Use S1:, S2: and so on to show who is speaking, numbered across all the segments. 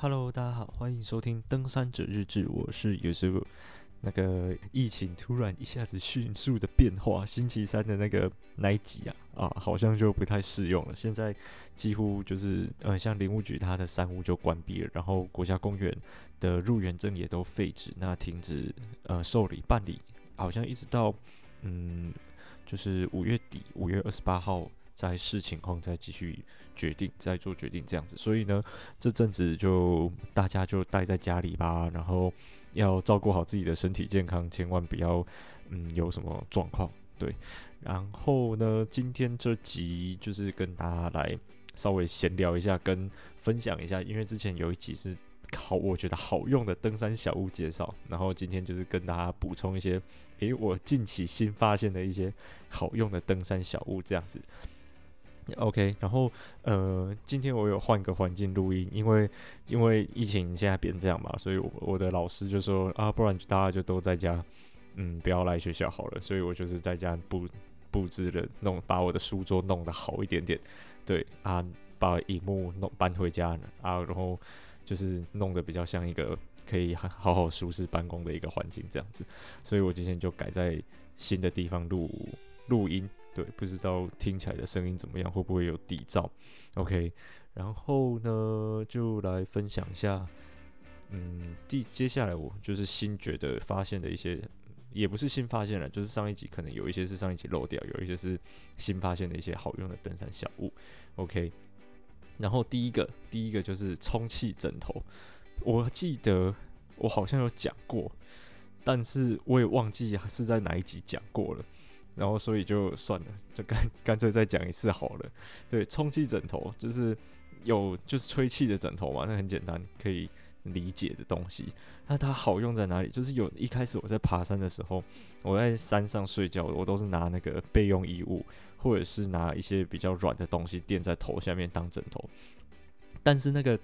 S1: Hello，大家好，歡迎收聽《登山者日誌》。我是有時候那個疫情突然一下子迅速的變化，星期三的那個那一集啊啊，好像就不太適用了。現在幾乎就是呃，像林務局它的山屋就關閉了，然後國家公園的入園證也都廢止，那停止呃受理辦理，好像一直到嗯，就是五月底五月二十八號。在視情況再繼續決定，再做決定這樣子。所以呢，這陣子就大家就待在家裡吧，然後要照顧好自己的身體健康，千萬不要嗯有什麼狀況。對，然後呢，今天這集就是跟大家來稍微閒聊一下，跟分享一下，因為之前有一集是好我覺得好用的登山小物介紹，然後今天就是跟大家補充一些，誒、欸，我近期新發現的一些好用的登山小物這樣子。OK，然後呃，今天我有換個環境錄音，因為因為疫情現在變成這樣嘛，所以我，我的老師就說啊，不然大家就都在家，嗯，不要來學校好了。所以我就是在家布布置了，弄把我的書桌弄得好一點點，對啊，把熒幕弄搬回家呢啊，然後就是弄得比較像一個可以好好舒適辦公的一個環境這樣子。所以我今天就改在新的地方錄錄音。對，不知道聽起來的聲音怎麼樣，會不會有底噪？OK，然後呢，就來分享一下，嗯，第接下來我就是新覺得發現的一些，嗯，也不是新發現了，就是上一集可能有一些是上一集漏掉，有一些是新發現的一些好用的登山小物。OK，然後第一個，第一個就是充氣枕頭，我記得我好像有講過，但是我也忘記是在哪一集講過了。然後，所以就算了，就乾乾脆再講一次好了。對，充氣枕頭就是有就是吹氣的枕頭嘛，那很簡單，可以理解的東西。那它好用在哪裡？就是有一開始我在爬山的時候，我在山上睡覺，我都是拿那個備用衣物，或者是拿一些比較軟的東西墊在頭下面當枕頭。但是那個。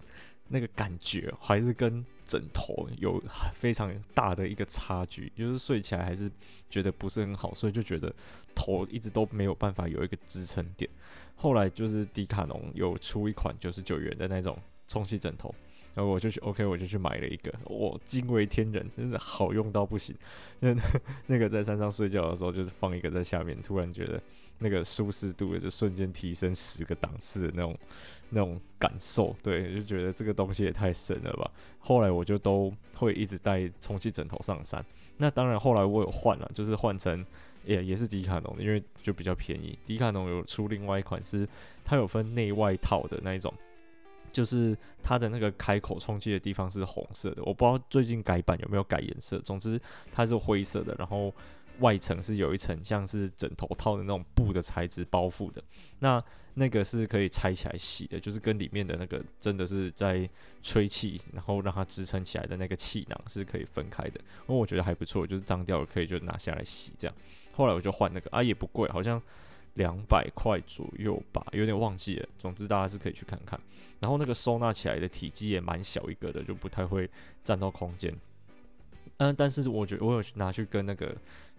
S1: 那個感覺還是跟枕頭有非常大的一個差距，就是睡起來還是覺得不是很好，所以就覺得頭一直都沒有辦法有一個支撐點。後來就是迪卡儂有出一款九十九元的那種充氣枕頭，然後我就去 OK，我就去買了一個，我驚為天人，真、就是好用到不行。那那個在山上睡覺的時候，就是放一個在下面，突然覺得那個舒適度也就瞬間提升十個檔次的那種。那種感受，對，就覺得這個東西也太神了吧。後來我就都會一直帶充氣枕頭上山。那當然，後來我有換了，就是換成也、欸、也是迪卡儂的，因為就比較便宜。迪卡儂有出另外一款是，是它有分內外套的那一種，就是它的那個開口充氣的地方是紅色的，我不知道最近改版有沒有改顏色，總之它是灰色的，然後。外層是有一層像是枕頭套的那種布的材質包覆的，那那個是可以拆起來洗的，就是跟裡面的那個真的是在吹氣，然後讓它支撐起來的那個氣囊是可以分開的，我我覺得還不錯，就是髒掉了可以就拿下來洗這樣。後來我就換那個啊，也不貴，好像兩百塊左右吧，有點忘記了。總之大家是可以去看看，然後那個收納起來的體積也蠻小一個的，就不太會佔到空間。嗯、呃，但是我覺得我有拿去跟那個。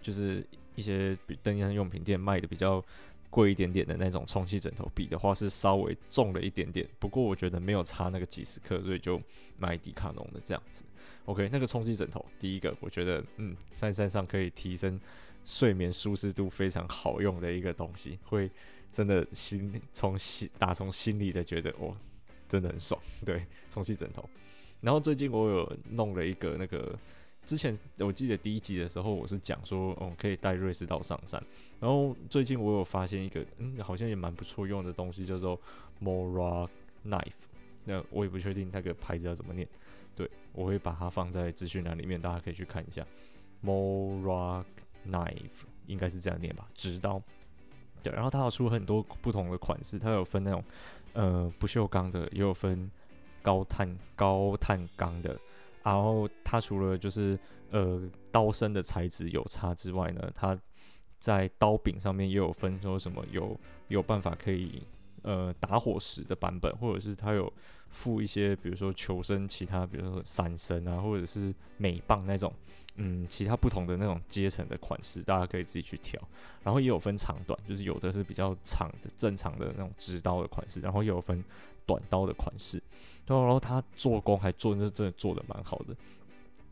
S1: 就是一些比登山用品店賣的比較貴一點點的那種充氣枕頭，比的話是稍微重了一點點，不過我覺得沒有差那個幾十克，所以就買迪卡儂的這樣子。OK，那個充氣枕頭，第一個我覺得，嗯，山山上可以提升睡眠舒適度，非常好用的一個東西，會真的心從心打從心裡的覺得哦，真的很爽，對，充氣枕頭。然後最近我有弄了一個那個。之前我記得第一集的時候，我是講說，嗯，可以帶瑞士刀上山。然後最近我有發現一個，嗯，好像也蠻不錯用的東西，叫做 MORAKNIV。那我也不確定那個牌子要怎麼念。對，我會把它放在資訊欄裡面，大家可以去看一下。MORAKNIV 應該是這樣念吧，直刀。對，然後它有出很多不同的款式，它有分那種，呃，不鏽鋼的，也有分高碳高碳鋼的。然後它除了就是呃刀身的材質有差之外呢，它在刀柄上面也有分。說什麼有有辦法可以呃打火石的版本，或者是它有附一些比如說求生，其他比如說閃神啊，或者是鎂棒那種，嗯，其他不同的那種階層的款式，大家可以自己去挑。然後也有分長短，就是有的是比較長的正常的那種直刀的款式，然後也有分短刀的款式。對，然後它做工還做，那真的做得蠻好的。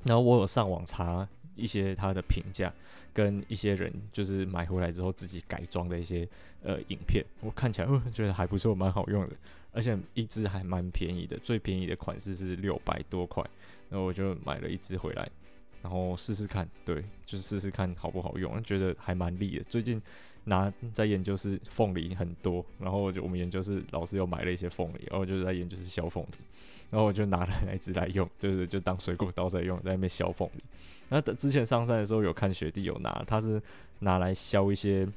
S1: 然後我有上網查一些它的評價，跟一些人就是買回來之後自己改裝的一些呃影片，我看起來、呃、覺得還不錯，蠻好用的。而且一支還蠻便宜的，最便宜的款式是六百多塊。然後我就買了一支回來，然後試試看，對，就是試試看好不好用，覺得還蠻利的。最近。拿在研究室鳳梨很多，然後就我們研究室老師又買了一些鳳梨，然後我就在研究室削鳳梨，然後我就拿來來支來用，就是就當水果刀在用，在那邊削鳳梨。那之前上山的時候有看學弟有拿，他是拿來削一些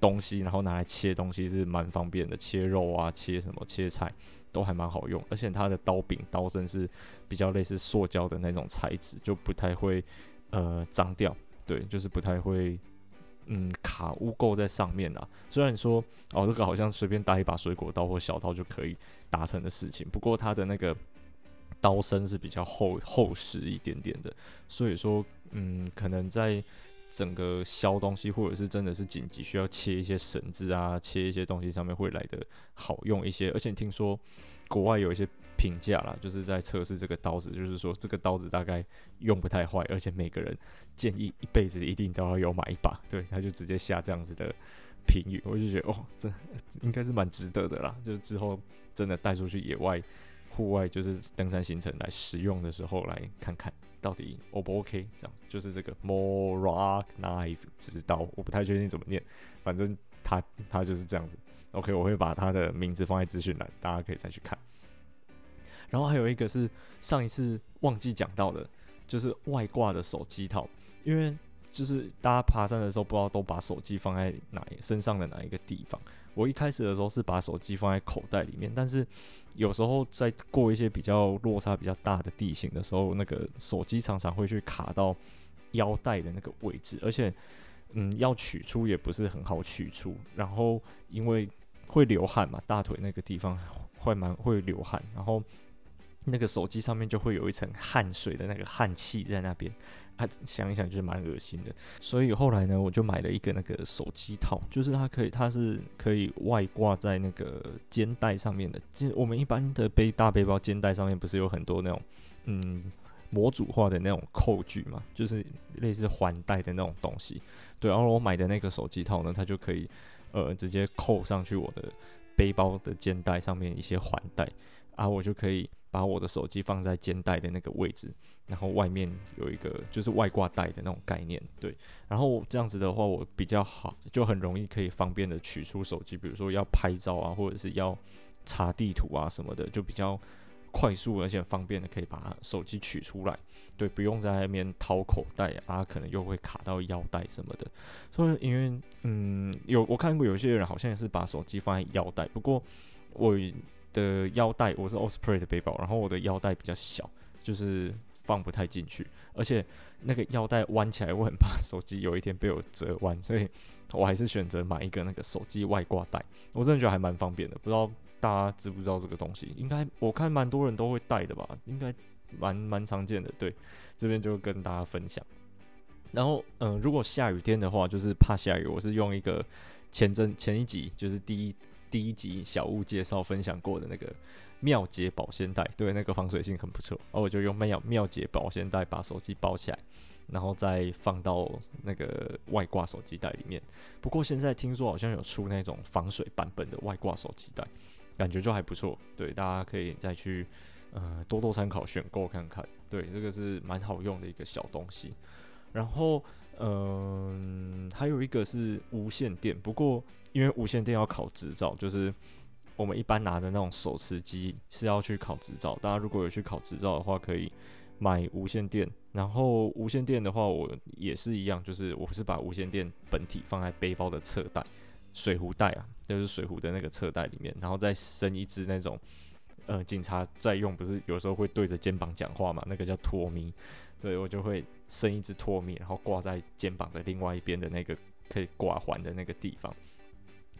S1: 東西，然後拿來切東西是蠻方便的，切肉啊、切什麼、切菜都還蠻好用，而且它的刀柄、刀身是比較類似塑膠的那種材質，就不太會呃髒掉，對，就是不太會。嗯，卡污垢在上面啊。雖然你說哦，這個好像隨便搭一把水果刀或小刀就可以達成的事情，不過它的那個刀身是比較厚厚實一點點的，所以說嗯，可能在整個削東西或者是真的是緊急需要切一些繩子啊、切一些東西上面會來的好用一些。而且你聽說。國外有一些評價啦，就是在測試這個刀子，就是說這個刀子大概用不太壞，而且每個人建議一輩子一定都要有買一把，對，他就直接下這樣子的評語，我就覺得哦，這應該是蠻值得的啦。就之後真的帶出去野外、戶外，就是登山行程來使用的時候，來看看到底 O、哦、不 OK，這樣子就是這個 MORAKNIV 直刀，我不太確定怎麼念，反正他他就是這樣子。OK，我會把他的名字放在資訊欄，大家可以再去看。然後還有一個是上一次忘記講到的，就是外掛的手機套，因為就是大家爬山的時候不知道都把手機放在哪，身上的哪一個地方。我一開始的時候是把手機放在口袋裡面，但是有時候在過一些比較落差比較大的地形的時候，那個手機常常會去卡到腰帶的那個位置，而且嗯，要取出也不是很好取出。然後因為會流汗嘛？大腿那個地方會蠻會流汗，然後那個手機上面就會有一層汗水的那個汗氣在那邊。啊，想一想就蠻惡心的。所以後來呢，我就買了一個那個手機套，就是它可以，它是可以外掛在那個肩帶上面的。就我們一般的背大背包，肩帶上面不是有很多那種嗯模組化的那種扣具嘛？就是類似環帶的那種東西。對，然後我買的那個手機套呢，它就可以。呃，直接扣上去我的背包的肩帶上面一些環帶，啊，我就可以把我的手機放在肩帶的那個位置，然後外面有一個就是外掛帶的那種概念，對，然後這樣子的話，我比較好，就很容易可以方便的取出手機，比如說要拍照啊，或者是要查地圖啊什麼的，就比較。快速而且方便的，可以把手機取出來，對，不用在那邊掏口袋啊，可能又會卡到腰帶什麼的。所以，因為嗯，有我看過有些人好像也是把手機放在腰帶，不過我的腰帶我是 Osprey 的背包，然後我的腰帶比較小，就是放不太進去，而且那個腰帶彎起來，我很怕手機有一天被我折彎，所以我還是選擇買一個那個手機外掛帶，我真的覺得還蠻方便的，不知道。大家知不知道這個東西？應該我看蠻多人都會帶的吧，應該蠻蠻常見的。對，這邊就跟大家分享。然後，嗯，如果下雨天的話，就是怕下雨，我是用一個前陣前一集就是第一第一集小物介紹分享過的那個妙潔保鮮袋，對，那個防水性很不錯。而我就用妙妙潔保鮮袋把手機包起來，然後再放到那個外掛手機袋裡面。不過現在聽說好像有出那種防水版本的外掛手機袋。感覺就還不錯，對，大家可以再去，呃，多多參考選購看看，對，這個是蠻好用的一個小東西。然後，嗯、呃，還有一個是無線電，不過因為無線電要考執照，就是我們一般拿着那種手持機是要去考執照，大家如果有去考執照的話，可以買無線電。然後無線電的話，我也是一樣，就是我是把無線電本體放在背包的側袋。水壺袋啊，就是水壺的那個側袋裡面，然後再生一隻那種，呃，警察在用，不是有時候會對着肩膀講話嘛？那個叫托咪，所以我就會伸一隻托咪，然後掛在肩膀的另外一邊的那個可以掛環的那個地方。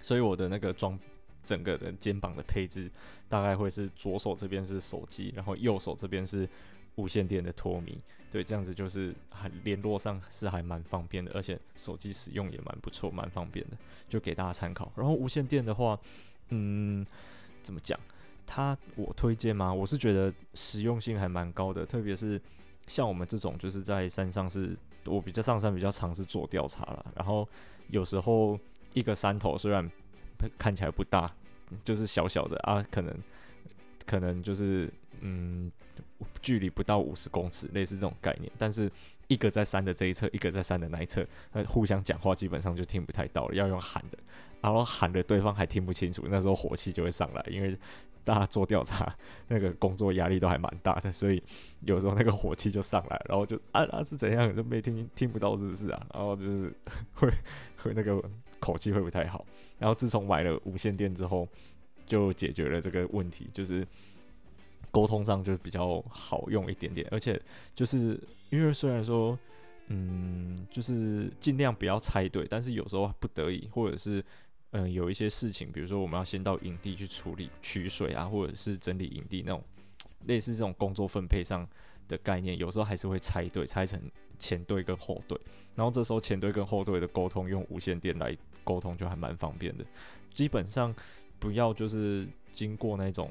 S1: 所以我的那個裝整個的肩膀的配置，大概會是左手這邊是手機，然後右手這邊是。無線電的托咪，對，這樣子就是還聯絡上是還蠻方便的，而且手機使用也蠻不錯，蠻方便的，就給大家參考。然後無線電的話，嗯，怎麼講？它我推薦嗎？我是覺得實用性還蠻高的，特別是像我們這種就是在山上是，我比較上山比較常是做調查啦，然後有時候一個山頭雖然看起來不大，就是小小的啊，可能可能就是嗯。距離不到五十公尺，類似這種概念，但是一個在山的這一側，一個在山的那一側，那互相講話基本上就聽不太到了，要用喊的，然後喊的對方還聽不清楚，那時候火氣就會上來，因為大家做調查，那個工作壓力都還蠻大的，所以有時候那個火氣就上來，然後就啊啊是怎樣，就沒聽聽不到是不是啊？然後就是會會那個口氣會不太好，然後自從買了無線電之後，就解決了這個問題，就是。溝通上就是比較好用一點點，而且就是因為雖然說，嗯，就是盡量不要拆隊。但是有時候不得已，或者是嗯，有一些事情，比如說我們要先到營地去處理取水啊，或者是整理營地那種類似這種工作分配上的概念，有時候還是會拆隊拆成前隊跟後隊，然後這時候前隊跟後隊的溝通用無線電來溝通就還蠻方便的，基本上不要就是經過那種。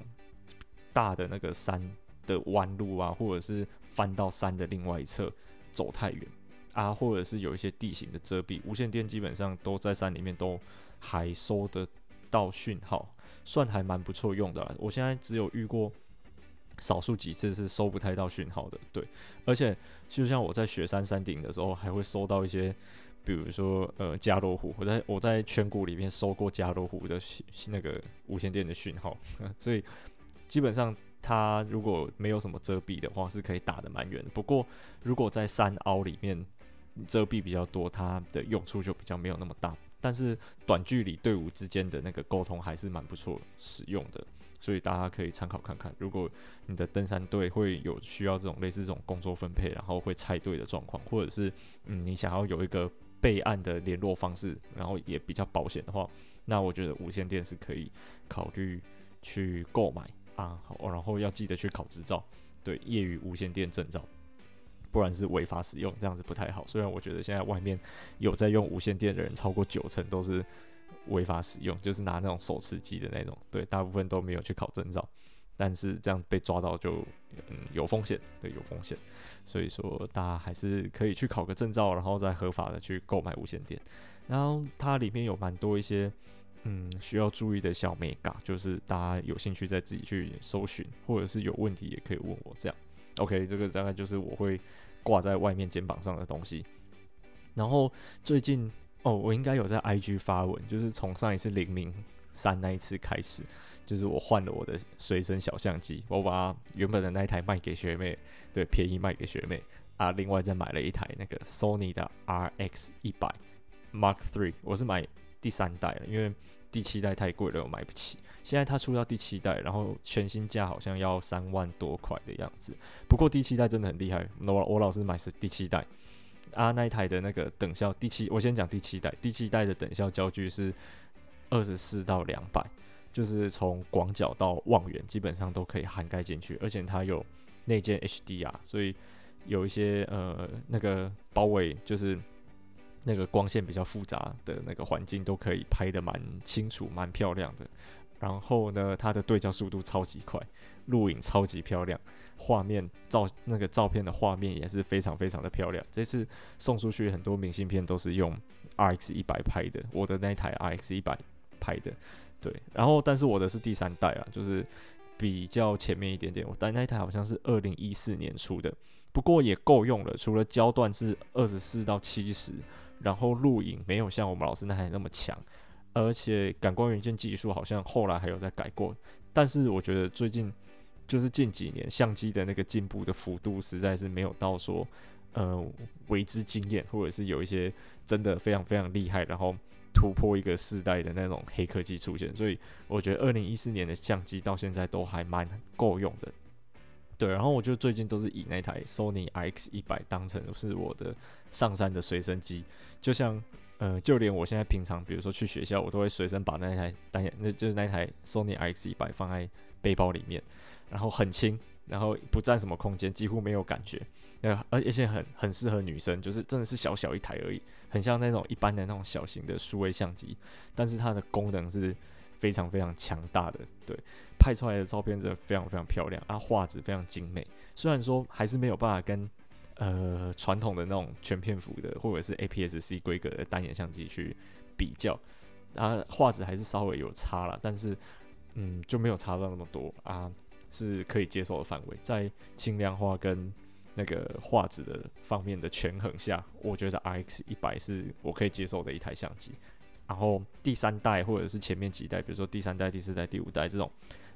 S1: 大的那個山的彎路啊，或者是翻到山的另外一側走太遠啊，或者是有一些地形的遮蔽，無線電基本上都在山裡面都還收得到訊號，算還蠻不錯用的。我現在只有遇過少數幾次是收不太到訊號的，對。而且就像我在雪山山頂的時候，還會收到一些，比如說呃加羅湖，我在我在圈谷裡面收過加羅湖的那個無線電的訊號，所以。基本上，它如果沒有什麼遮蔽的話，是可以打得蠻遠。不過，如果在山凹裡面遮蔽比較多，它的用處就比較沒有那麼大。但是，短距離隊伍之間的那個溝通還是蠻不錯使用的，所以大家可以參考看看。如果你的登山隊會有需要這種類似這種工作分配，然後會拆隊的狀況，或者是嗯，你想要有一個備案的聯絡方式，然後也比較保險的話，那我覺得無線電是可以考慮去購買。啊，好，哦，然後要記得去考執照，對，業餘無線電證照，不然是違法使用，這樣子不太好。雖然我覺得現在外面有在用無線電的人超過九成都是違法使用，就是拿那種手持機的那種，對，大部分都沒有去考證照，但是這樣被抓到就，嗯、有風險，對，有風險。所以說大家還是可以去考個證照，然後再合法的去購買無線電。然後它裡面有蠻多一些。嗯，需要注意的小美嘎就是大家有興趣再自己去搜尋，或者是有問題也可以問我這樣。OK，這個大概就是我會掛在外面肩膀上的東西。然後最近哦，我應該有在 IG 發文，就是從上一次零零三那一次開始，就是我換了我的隨身小相機，我把原本的那一台賣給學妹，對，便宜賣給學妹啊，另外再買了一台那個 Sony 的 RX100 Mark III，我是買第三代了，因為第七代太貴了，我買不起。現在它出到第七代，然後全新價好像要三萬多塊的樣子。不過第七代真的很厲害，我老我老是買是第七代。啊，那一台的那個等效第七，我先講第七代。第七代的等效焦距是二十四到兩百，就是從廣角到望遠，基本上都可以涵蓋進去。而且它有內建 HDR，所以有一些呃那個包圍就是。那個光線比較複雜的那個環境都可以拍得蠻清楚，蠻漂亮的。然後呢，它的對焦速度超級快，錄影超級漂亮，畫面照那個照片的畫面也是非常非常的漂亮。這次送出去很多明信片都是用 RX100 拍的，我的那台 RX100 拍的，對。然後，但是我的是第三代啊，就是比較前面一點點。我帶那一台好像是二零一四年出的，不過也夠用了。除了焦段是二十四到七十。然後錄影沒有像我們老師那台那麼強，而且感光元件技術好像後來還有在改過。但是我覺得最近就是近幾年相機的那個進步的幅度實在是沒有到說呃為之驚豔，或者是有一些真的非常非常厲害，然後突破一個世代的那種黑科技出現。所以我覺得二零一四年的相機到現在都還蠻夠用的。對，然後我就最近都是以那台 Sony RX100 當成是我的上山的隨身機，就像呃，就連我現在平常，比如說去學校，我都會隨身把那台單，那就是那台 Sony RX100 放在背包裡面，然後很輕，然後不佔什麼空間，幾乎沒有感覺，呃，而而且很很適合女生，就是真的是小小一台而已，很像那種一般的那種小型的數位相機，但是它的功能是非常非常強大的，對。拍出來的照片真的非常非常漂亮啊，畫質非常精美。雖然說還是沒有辦法跟呃傳統的那種全片幅的或者是 APS-C 規格的單眼相機去比較啊，畫質還是稍微有差了。但是嗯，就沒有差到那麼多啊，是可以接受的範圍。在輕量化跟那個畫質的方面的權衡下，我覺得 RX 一百是我可以接受的一台相機。然後第三代或者是前面幾代，比如說第三代、第四代、第五代這種。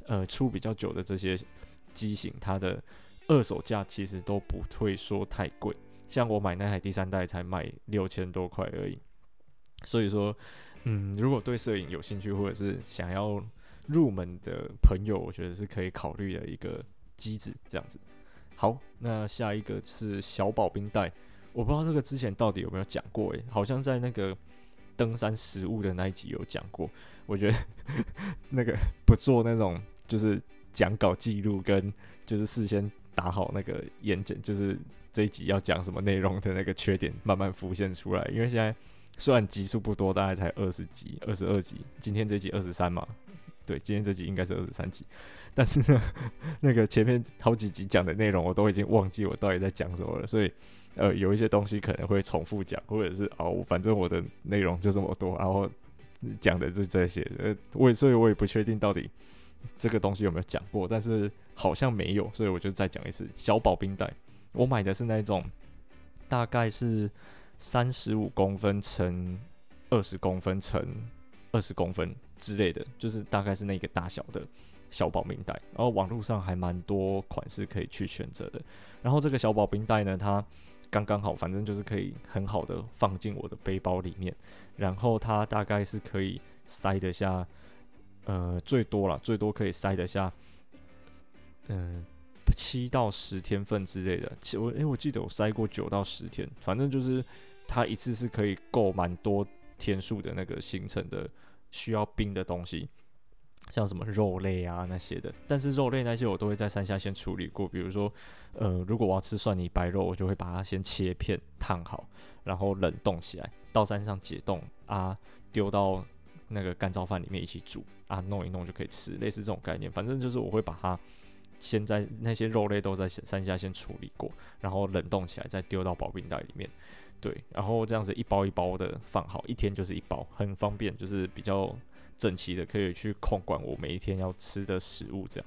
S1: 呃，出比較久的這些機型，它的二手價其實都不會說太貴，像我買那台第三代才賣六千多塊而已。所以說，嗯，如果對攝影有興趣或者是想要入門的朋友，我覺得是可以考慮的一個機子，這樣子。好，那下一個是小保冰袋，我不知道這個之前到底有沒有講過，欸，誒，好像在那個登山食物的那一集有講過。我覺得 那個不做那種。就是講稿記錄跟就是事先打好那個演講，就是這一集要講什麼內容的那個缺點慢慢浮現出來。因為現在雖然集數不多，大概才二十集、二十二集，今天這集二十三嘛，對，今天這集應該是二十三集。但是呢，那個前面好幾集講的內容我都已經忘記我到底在講什麼了，所以呃，有一些東西可能會重複講，或者是哦，反正我的內容就這麼多，然後講的就這些。呃，我也所以，我也不確定到底。這個東西有沒有講過？但是好像沒有，所以我就再講一次。小保冰袋，我買的是那種，大概是三十五公分乘二十公分乘二十公分之類的，就是大概是那個大小的小保冰袋。然後網絡上還蠻多款式可以去選擇的。然後這個小保冰袋呢，它剛剛好，反正就是可以很好的放進我的背包裡面。然後它大概是可以塞得下。呃，最多了，最多可以塞得下，嗯、呃，七到十天份之類的。七我誒，我記得我塞過九到十天，反正就是它一次是可以夠蠻多天數的那個行程的需要冰的東西，像什麼肉類啊那些的。但是肉類那些我都會在山下先處理過，比如說，呃，如果我要吃蒜泥白肉，我就會把它先切片燙好，然後冷凍起來，到山上解凍啊，丟到。那個乾燥飯裡面一起煮啊，弄一弄就可以吃，類似這種概念。反正就是我會把它先在那些肉類都在山下先處理過，然後冷凍起來，再丟到保冰袋裡面。對，然後這樣子一包一包的放好，一天就是一包，很方便，就是比較整齊的，可以去控管我每一天要吃的食物這樣。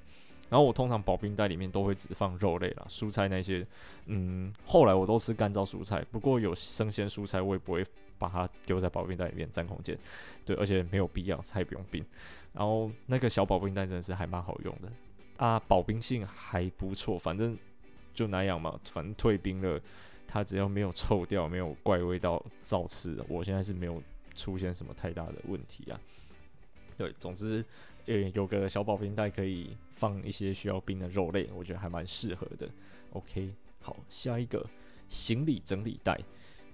S1: 然後我通常保冰袋裡面都會只放肉類了，蔬菜那些，嗯，後來我都吃乾燥蔬菜，不過有生鮮蔬菜我也不會。把它丟在保冰袋裡面占空間，對，而且沒有必要，才不用冰。然後那個小保冰袋真的是還蠻好用的啊，保冰性還不錯。反正就那樣嘛，反正退冰了，它只要沒有臭掉、沒有怪味道、照吃，我現在是沒有出現什麼太大的問題啊。對，總之呃、欸、有個小保冰袋可以放一些需要冰的肉類，我覺得還蠻適合的。OK，好，下一個行李整理袋，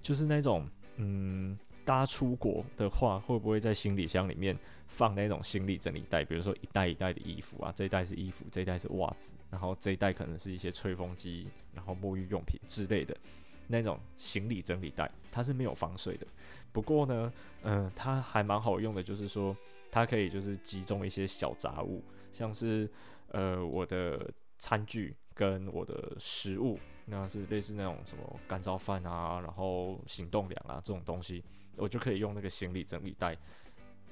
S1: 就是那種。嗯，大家出國的話，會不會在行李箱裡面放那種行李整理袋？比如說一袋一袋的衣服啊，這一袋是衣服，這一袋是襪子，然後這一袋可能是一些吹風機，然後沐浴用品之類的那種行李整理袋，它是沒有防水的。不過呢，嗯、呃，它還蠻好用的，就是說它可以就是集中一些小雜物，像是呃我的餐具跟我的食物。那是類似那種什麼乾燥飯啊，然後行動糧啊這種東西，我就可以用那個行李整理袋，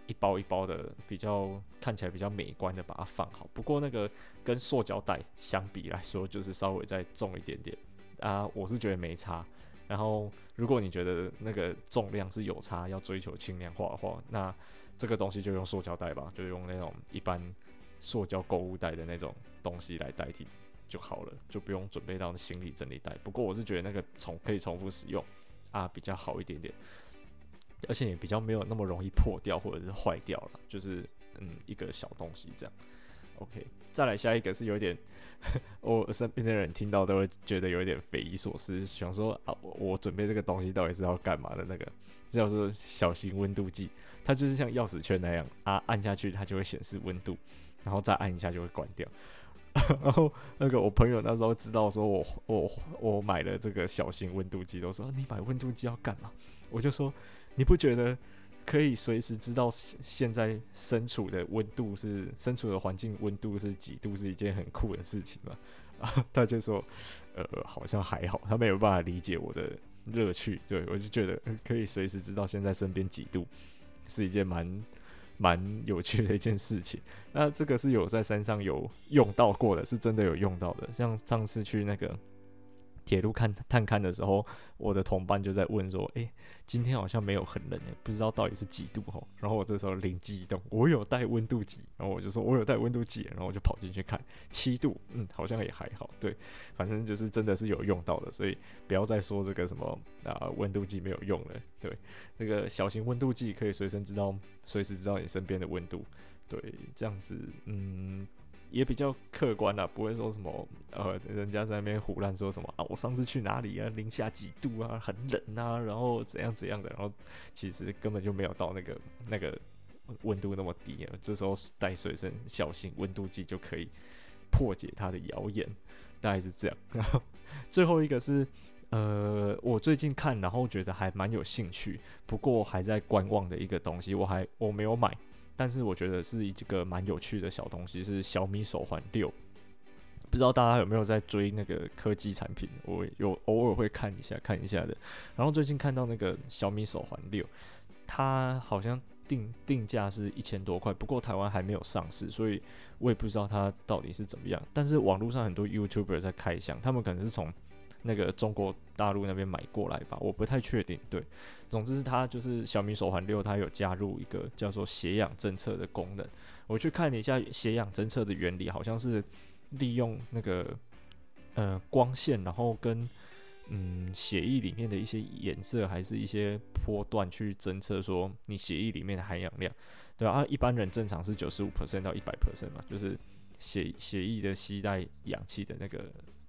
S1: 一包一包的比較看起來比較美觀的把它放好。不過那個跟塑膠袋相比來說，就是稍微再重一點點啊，我是覺得沒差。然後如果你覺得那個重量是有差，要追求輕量化的話，那這個東西就用塑膠袋吧，就用那種一般塑膠購物袋的那種東西來代替。就好了，就不用準備到行李整理袋。不過我是覺得那個重可以重複使用啊，比較好一點點，而且也比較沒有那麼容易破掉或者是壞掉了。就是嗯，一個小東西這樣。OK，再來下一個是有點我身邊的人聽到都會覺得有一點匪夷所思，想說啊我，我準備這個東西到底是要幹嘛的那個，叫做小型溫度計，它就是像鑰匙圈那樣啊，按下去它就會顯示溫度，然後再按一下就會關掉。 然後那個我朋友那時候知道說我我我買了這個小型溫度計，都說你買溫度計要幹嘛？我就說你不覺得可以隨時知道現在身處的溫度是身處的環境溫度是幾度是一件很酷的事情嗎？啊，他就說呃，好像還好，他沒有辦法理解我的樂趣。對，我就覺得可以隨時知道現在身邊幾度是一件蠻。蠻有趣的一件事情，那這個是有在山上有用到過的，是真的有用到的，像上次去那個。鐵路看探看的時候，我的同伴就在問說：“哎、欸，今天好像沒有很冷誒，不知道到底是幾度吼？”然後我這時候靈機一動，我有帶溫度計，然後我就說：“我有帶溫度計。”然後我就跑進去看，七度，嗯，好像也還好。對，反正就是真的是有用到的，所以不要再說這個什麼啊溫度計沒有用了。對，這個小型溫度計可以隨身知道，隨時知道你身邊的溫度。對，這樣子，嗯。也比較客觀啦、啊，不會說什麼呃，人家在那邊胡亂說什麼啊，我上次去哪裡啊，零下幾度啊，很冷啊，然後怎樣怎樣的，然後其實根本就沒有到那個那個溫度那麼低、啊，這時候帶隨身小型溫度計就可以破解他的謠言，大概是這樣。然 後最後一個是呃，我最近看然後覺得還蠻有興趣，不過還在觀望的一個東西，我還我沒有買。但是我覺得是一個蠻有趣的小東西，是小米手環六。不知道大家有沒有在追那個科技產品？我有偶爾會看一下看一下的。然後最近看到那個小米手環六，它好像定定價是一千多塊，不過台灣還沒有上市，所以我也不知道它到底是怎麼樣。但是網絡上很多 YouTuber 在開箱，他們可能是從。那個中國大陸那邊買過來吧，我不太確定。對，總之是它就是小米手環六，它有加入一個叫做血氧偵測的功能。我去看了一下血氧偵測的原理，好像是利用那個呃光線，然後跟嗯血液裡面的一些顏色，還是一些波段去偵測說你血液裡面的含氧量，對啊，一般人正常是九十五 percent 到一百 percent 嘛，就是血血液的攜帶氧氣的那個。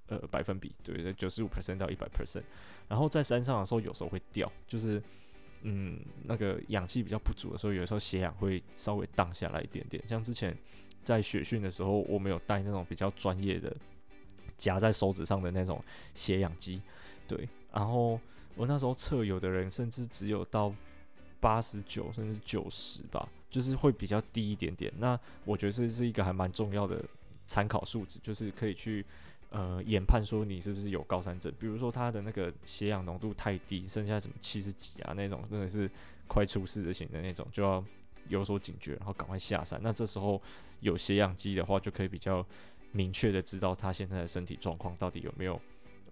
S1: 呃，百分比對，對，在九十五 percent 到一百 percent，然後在山上的時候，有時候會掉，就是嗯，那個氧氣比較不足的時候，有時候血氧會稍微盪下來一點點。像之前在雪訓的時候，我們有帶那種比較專業的夾在手指上的那種血氧機，對，然後我那時候測，有的人甚至只有到八十九，甚至九十吧，就是會比較低一點點。那我覺得這是一個還蠻重要的參考數值，就是可以去。呃，研判說你是不是有高山症，比如說他的那個血氧濃度太低，剩下什麼七十幾啊，那種真的是快出事型的那種，就要有所警覺，然後趕快下山。那這時候有血氧機的話，就可以比較明確的知道他現在的身體狀況到底有沒有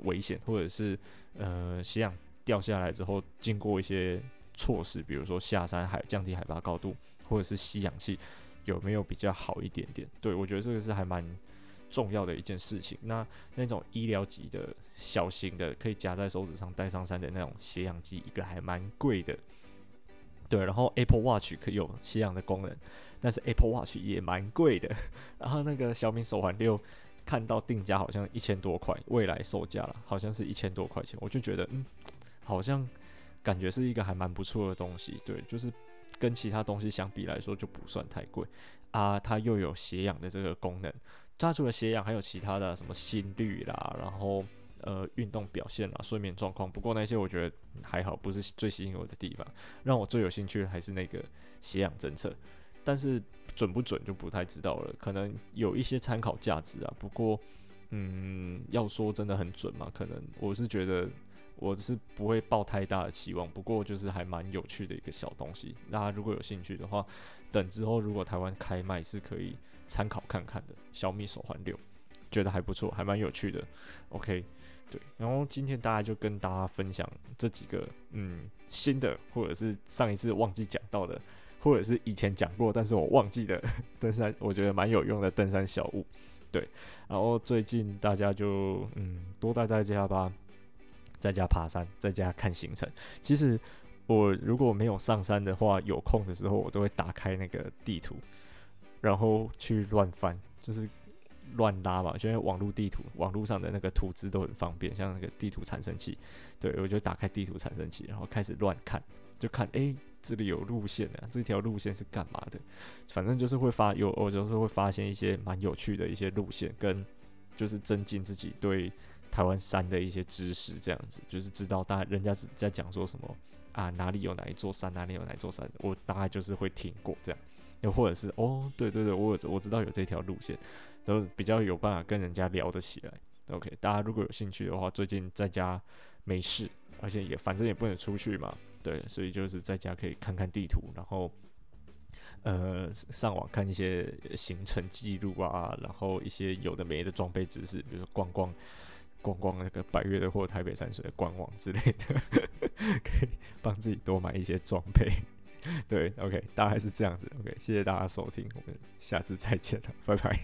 S1: 危險，或者是呃血氧掉下來之後，經過一些措施，比如說下山海、海降低海拔高度，或者是吸氧氣，有沒有比較好一點點？對，我覺得這個是還蠻。重要的一件事情。那那種醫療級的、小型的、可以夾在手指上、帶上山的那種血氧機，一個還蠻貴的。對，然後 Apple Watch 可以有血氧的功能，但是 Apple Watch 也蠻貴的。然後那個小米手環六，看到定價好像一千多塊，未來售價了，好像是一千多塊錢。我就覺得，嗯，好像感覺是一個還蠻不錯的東西。對，就是跟其他東西相比來說，就不算太貴。啊，它又有血氧的這個功能，它除了血氧，還有其他的什麼心率啦，然後呃運動表現啦，睡眠狀況。不過那些我覺得還好，不是最吸引我的地方。讓我最有興趣的還是那個血氧偵測，但是準不準就不太知道了。可能有一些參考價值啊，不過嗯，要說真的很準嘛，可能我是覺得。我是不會抱太大的期望，不過就是還蠻有趣的一個小東西。大家如果有興趣的話，等之後如果台灣開賣是可以參考看看的。小米手環六，覺得還不錯，還蠻有趣的。OK，對。然後今天大家就跟大家分享這幾個，嗯，新的或者是上一次忘記講到的，或者是以前講過但是我忘記的登山，我覺得蠻有用的登山小物。對。然後最近大家就嗯多待在家吧。在家爬山，在家看行程。其實我如果沒有上山的話，有空的時候我都會打開那個地圖，然後去亂翻，就是亂拉嘛。因為網絡地圖、網絡上的那個圖資都很方便，像那個地圖產生器，對，我就打開地圖產生器，然後開始亂看，就看誒，這裡有路線啊，這條路線是幹嘛的？反正就是會發有，我就是會發現一些蠻有趣的一些路線，跟就是增進自己對。台灣山的一些知識，這樣子就是知道大人家只在講說什麼啊，哪裡有哪一座山，哪裡有哪一座山，我大概就是會聽過這樣，又或者是哦，對對對，我有我知道有這條路線，都比較有辦法跟人家聊得起來。OK，大家如果有興趣的話，最近在家沒事，而且也反正也不能出去嘛，對，所以就是在家可以看看地圖，然後呃上網看一些行程記錄啊，然後一些有的沒的裝備知識，比如說逛逛。逛逛那個百越的或台北山水的官網之類的， 可以幫自己多買一些裝備。對，OK，大概是這樣子。OK，謝謝大家收聽，我們下次再見了，拜拜。